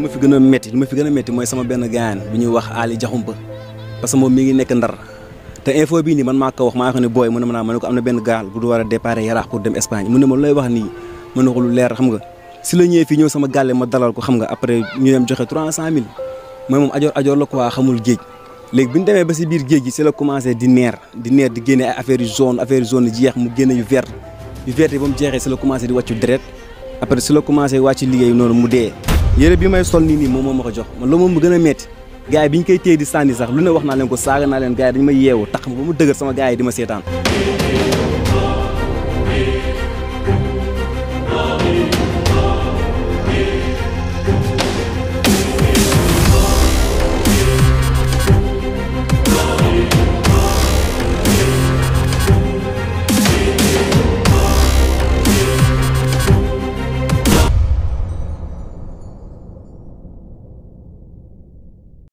li ma fi gën a métti li ma fi gën mooy sama benn gaayan bi ñuy wax Ali Jaxumpa parce que moom mi ngi nekk ndar te info bii nii man maa ko wax maa ko ne booy mu ne ma naa ma ne ko am na benn gaal bu du war a départ yaraax pour dem Espagne mu ne ma lay wax nii ma ne ko lu leer xam nga si la ñëwee fii ñëw sama gàlle ma dalal ko xam nga après ñu dem joxe 300000 mooy moom ajoor ajoor la quoi xamul géej léegi bi ñu demee ba si biir géej gi si la commencé di neer di neer di génne ay affaires yu jaune affaires yu jaune yu yu vert yu vert yi ba si la commencé di wàccu la commencé wàccu liggéey noonu mu yére bi may sol nii nii moom moo ma ko jox man loolu moom gën a metti gars yi bi ñu koy téye di sànni sax lu ne wax naa leen ko saaga naa leen gars yi dañu ma yeewu tax ba mu dëgër sama gars yi di ma seetaan